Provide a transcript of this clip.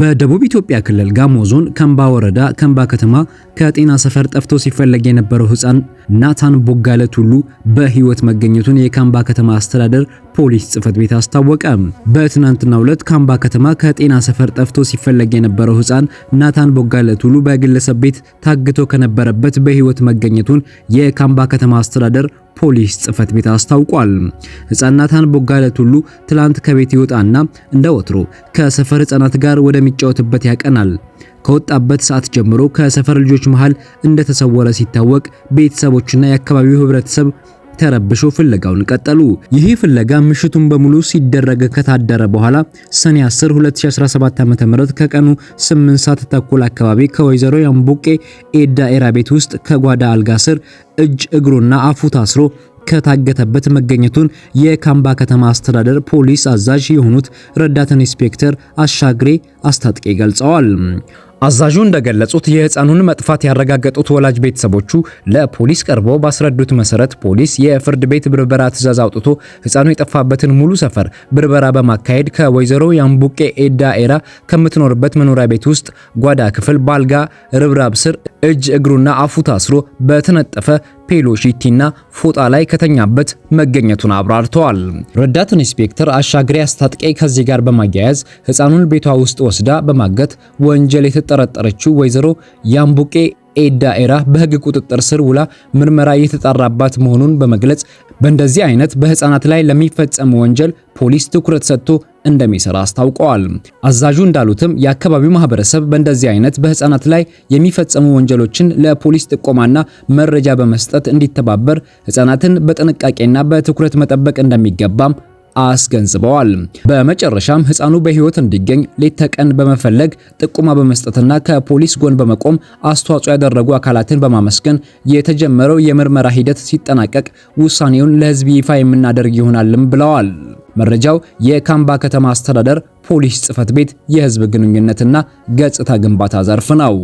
በደቡብ ኢትዮጵያ ክልል ጋሞ ዞን ከምባ ወረዳ ከምባ ከተማ ከጤና ሰፈር ጠፍቶ ሲፈለግ የነበረው ህፃን ናታን ቦጋለ ቱሉ በህይወት መገኘቱን የካምባ ከተማ አስተዳደር ፖሊስ ጽህፈት ቤት አስታወቀ። በትናንትናው ዕለት ካምባ ከተማ ከጤና ሰፈር ጠፍቶ ሲፈለግ የነበረው ህፃን ናታን ቦጋለ ቱሉ በግለሰብ ቤት ታግቶ ከነበረበት በህይወት መገኘቱን የካምባ ከተማ አስተዳደር ፖሊስ ጽህፈት ቤት አስታውቋል። ህፃናታን ቦጋለት ሁሉ ትላንት ከቤት ይወጣና እንደ ወትሮ ከሰፈር ህፃናት ጋር ወደሚጫወትበት ያቀናል። ከወጣበት ሰዓት ጀምሮ ከሰፈር ልጆች መሃል እንደተሰወረ ሲታወቅ ቤተሰቦችና የአካባቢው ህብረተሰብ ተረብሾ ፍለጋውን ቀጠሉ። ይህ ፍለጋ ምሽቱን በሙሉ ሲደረግ ከታደረ በኋላ ሰኔ 10 2017 ዓ.ም ከቀኑ 8 ሰዓት ተኩል አካባቢ ከወይዘሮ ያምቦቄ ኤዳ ኤራ ቤት ውስጥ ከጓዳ አልጋ ስር እጅ እግሩና አፉ ታስሮ ከታገተበት መገኘቱን የካምባ ከተማ አስተዳደር ፖሊስ አዛዥ የሆኑት ረዳት ኢንስፔክተር አሻግሬ አስታጥቄ ገልጸዋል። አዛዡ እንደገለጹት የህፃኑን መጥፋት ያረጋገጡት ወላጅ ቤተሰቦቹ ለፖሊስ ቀርበው ባስረዱት መሰረት ፖሊስ የፍርድ ቤት ብርበራ ትዕዛዝ አውጥቶ ህፃኑ የጠፋበትን ሙሉ ሰፈር ብርበራ በማካሄድ ከወይዘሮ ያምቡቄ ኤዳ ኤራ ከምትኖርበት መኖሪያ ቤት ውስጥ ጓዳ ክፍል ባልጋ ርብራብ ስር እጅ እግሩና አፉ ታስሮ በተነጠፈ ፔሎሺቲና ፎጣ ላይ ከተኛበት መገኘቱን አብራርተዋል። ረዳት ኢንስፔክተር አሻግሬ አስታጥቄ ከዚህ ጋር በማያያዝ ህፃኑን ቤቷ ውስጥ ወስዳ በማገት ወንጀል የተጠረጠረችው ወይዘሮ ያምቡቄ ኤዳ ኤራ በህግ ቁጥጥር ስር ውላ ምርመራ እየተጣራባት መሆኑን በመግለጽ በእንደዚህ አይነት በህፃናት ላይ ለሚፈጸም ወንጀል ፖሊስ ትኩረት ሰጥቶ እንደሚሰራ አስታውቀዋል። አዛዡ እንዳሉትም የአካባቢው ማህበረሰብ በእንደዚህ አይነት በህፃናት ላይ የሚፈጸሙ ወንጀሎችን ለፖሊስ ጥቆማና መረጃ በመስጠት እንዲተባበር ህፃናትን በጥንቃቄና በትኩረት መጠበቅ እንደሚገባም አስገንዝበዋል። በመጨረሻም ህፃኑ በህይወት እንዲገኝ ሌት ተቀን በመፈለግ ጥቁማ በመስጠትና ከፖሊስ ጎን በመቆም አስተዋጽኦ ያደረጉ አካላትን በማመስገን የተጀመረው የምርመራ ሂደት ሲጠናቀቅ ውሳኔውን ለህዝብ ይፋ የምናደርግ ይሆናልም ብለዋል። መረጃው የካምባ ከተማ አስተዳደር ፖሊስ ጽፈት ቤት የህዝብ ግንኙነትና ገጽታ ግንባታ ዘርፍ ነው።